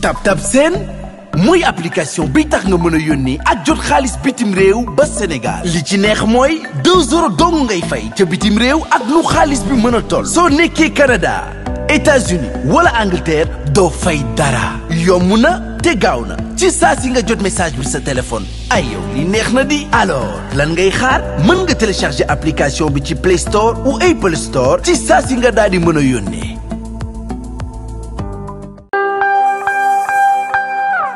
tab tab seen mooy application bi tax nga mën a yónnee ak jot xaalis bitim réew ba Sénégal li ci neex mooy 2 euros dong ngay fay ca bitim réew ak lu xaalis bi mën a toll. soo nekkee Canada États-Unis wala Angleterre doo fay dara yomb na. te gaaw na ci saa si nga jot message bi sa téléphone ay yow li neex na di alors lan ngay xaar mën nga télécharger application bi ci Play Store ou Apple ci saa si nga daal di mën a yónnee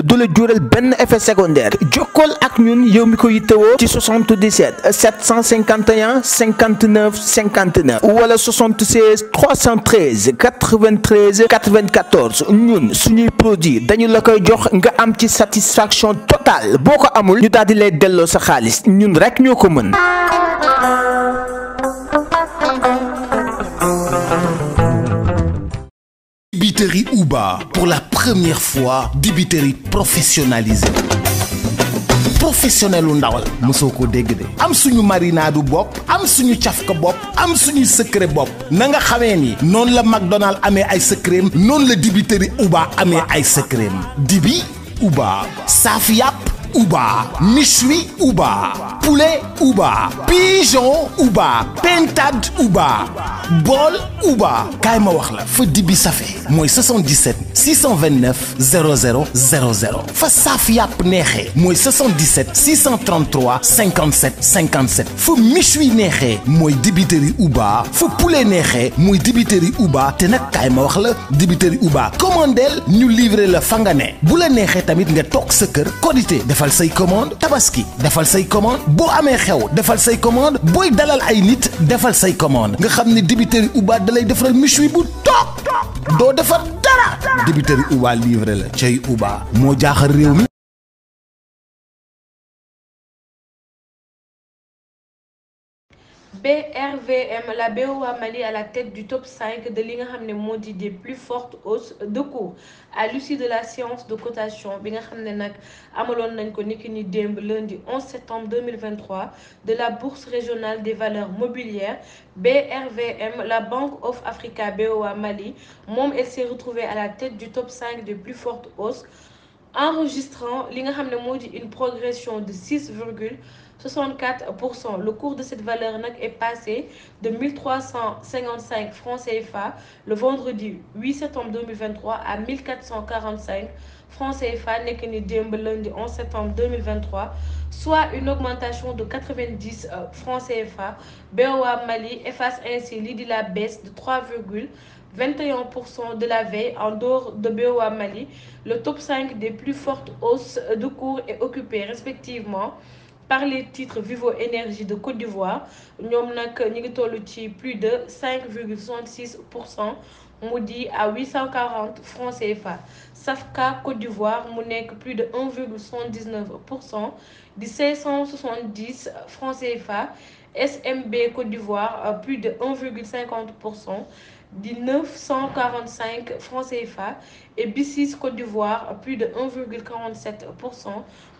d'où le durel effet secondaire Je ak ñun yow mi 77 751 59 59 ou wala 76 313 93 94 ñun suñuy produit dañu la koy jox nga am satisfaction totale boko amul ñu daldi lay dello sa xaliss ñun rek dibiterie Uba pour la première fois dibiterie professionnalisée professionnel u musoko la mosoo de am suñu marinade bop am suñu tiafka bop am suñu secret bop na nga xamé ni la McDonald amé ay secret non la dibiterie Uba amé ay secret dibi Uba safia ouba, michoui ouba, poulet ouba, pigeon ouba, pentad ouba, bol ouba. Kaima ma wax la ça Moi 77 629 0000. 00 fa saaf 77 633 57 57 Fou michui nehe. Moui mooy dibiteri Uba fu poulet nehe. Moui dibiteri Uba te nag kaay Uba Commandel nous livrer le Fangane Boule nehe bu la tamit nga tok sa kër commande Tabaski De say commande Bo amecheo. xew defal commande Boy dalal ay nit defal commande nga dibiteri Uba dalay defaral michui bu Tok. Do defal. dara débiteur yi Uba livré la cay Uba moo jaaxal réew mi BRVM la BOA Mali à la tête du top 5 de l'Ingham nga des plus fortes hausses de cours à l'issue de la séance de cotation bi nga lundi 11 septembre 2023 de la bourse régionale des valeurs mobilières BRVM la Banque of Africa BOA Mali mom elle s'est retrouvée à la tête du top 5 des plus fortes hausses enregistrant l'Ingham une progression de 6 64%. Le cours de cette valeur est passé de 1355 francs CFA le vendredi 8 septembre 2023 à 1445 francs CFA lundi 11 septembre 2023, soit une augmentation de 90 euh, francs CFA. BOA Mali efface ainsi l'idée de la baisse de 3,21% de la veille en dehors de BOA Mali. Le top 5 des plus fortes hausses de cours est occupé respectivement par les titres Vivo Énergie de Côte d'Ivoire nous avons plus de 5,66 à 840 francs CFA Safka Côte d'Ivoire mu plus de 1,79 1670 francs CFA SMB Côte d'Ivoire euh, plus de 1,50 1945 945 francs CFA et B6 Côte d'Ivoire plus de 1,47%,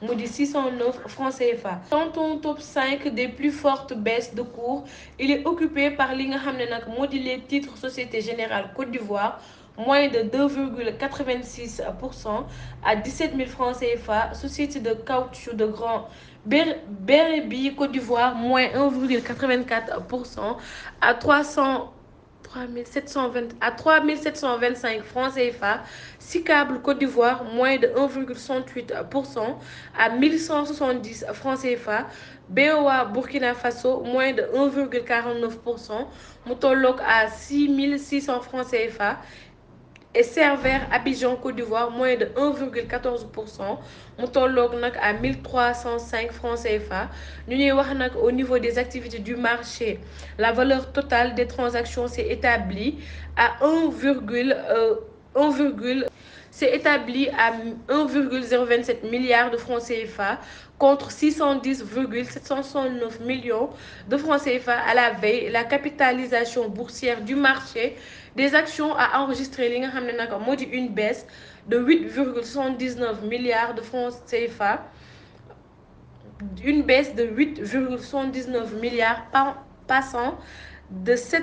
nous de 609 francs CFA. Tantôt top 5 des plus fortes baisses de cours, il est occupé par Nenak modulé titre Société Générale Côte d'Ivoire moins de 2,86% à 17 000 francs CFA. Société de caoutchouc de Grand Bérébi, Côte d'Ivoire, moins 1,84% à 300 3720, à 3725 francs CFA. câbles Côte d'Ivoire, moins de 1,68% à 1170 francs CFA. BOA Burkina Faso, moins de 1,49%. Moutolok à 6600 francs CFA et à Abidjan Côte d'Ivoire moins de 1,14% montant à 1305 francs CFA Nous avons au niveau des activités du marché la valeur totale des transactions s'est établie à 1,1, s'est établi à 1,027 milliard de francs CFA contre 610,769 millions de francs CFA à la veille. La capitalisation boursière du marché des actions a enregistré une baisse de 8,79 milliards de francs CFA une baisse de 8,79 milliards passant de 7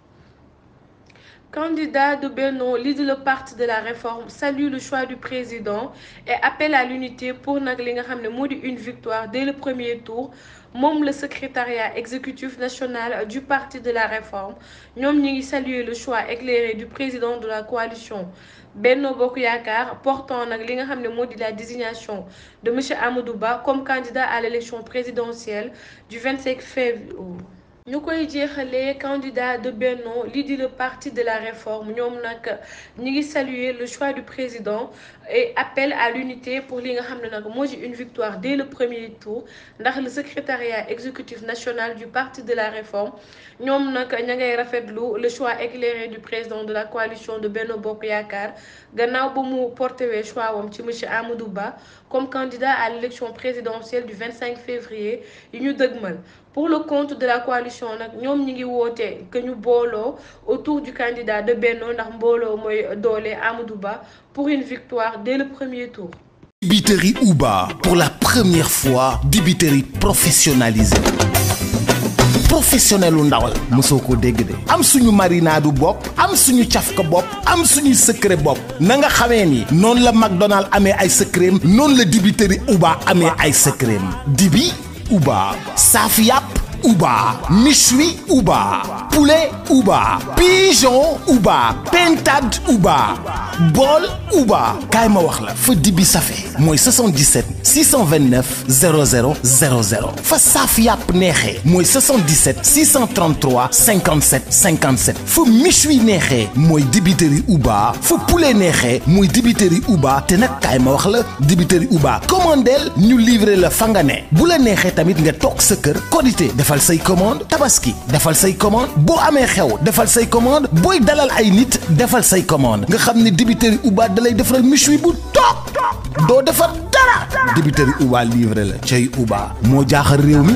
Candidat de Beno, leader le parti de la réforme, salue le choix du président et appelle à l'unité pour une victoire dès le premier tour. Membre le secrétariat exécutif national du parti de la réforme, nous salue le choix éclairé du président de la coalition. Benno Bokuyakar portant la désignation de M. Amoudouba comme candidat à l'élection présidentielle du 25 février. Nous koy les candidats de Beno, l'idée du le parti de la réforme Nous avons ñi saluer le choix du président et appel à l'unité pour li nga une victoire dès le premier tour dans le secrétariat exécutif national du parti de la réforme ñoom nag ña le choix éclairé du président de la coalition de Beno Bokk Yaakaar gannaaw ba mu le choix de M. monsieur comme candidat à l'élection présidentielle du 25 février pour le compte de la coalition coalition nak ñom ñi ngi woté que ñu bolo autour du candidat de Benno ndax mbolo moy dolé Amadou Ba pour une victoire dès le premier tour. Dibiteri Ouba pour la première fois dibiteri professionnalisé. professionnel ndawal Musoko ko dégg de am suñu marinaadu bop am suñu tiafka bop am suñu secret bop na nga xamé ni non la McDonald amé ay secret non la dibiteri Uba amé ay secret dibi Uba saaf ouba, Nishui ouba, poulet ouba, pigeon ouba, Pentad ouba bol Uba kay ma wax la fa dibi 77 629 0000 fa saf yap nexé 77 633 57 57 fa méchoui neexee mooy Uba fa poulet neexee dibiteri ou Uba te nak kaay ma wax la Uba Commandel ñu livrer le fangane nga ne bu la qualité tamit nga tok commande Tabaski De say commande bo de xew defal say commande dalal ay defal say commande nga xam ne débiteurs ubaa dalay da lay defaral méchoui bu toog doo defar dara débiteurs yi Uba la cay Uba moo jaaxal réew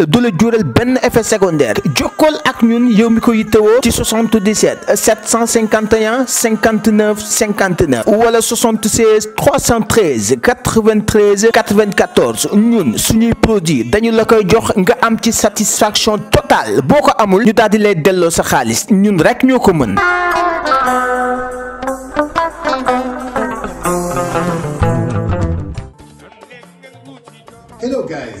la du la jural effet secondaire jokol ak ñun yow mi ko ci 77 751 59 59 wala 76 313 93 94 ñun suñuy produit dañu la koy jox nga am ci satisfaction totale boko amul ñu daal di lay dello sa xaliss ñun rek ñoko mën. Hello guys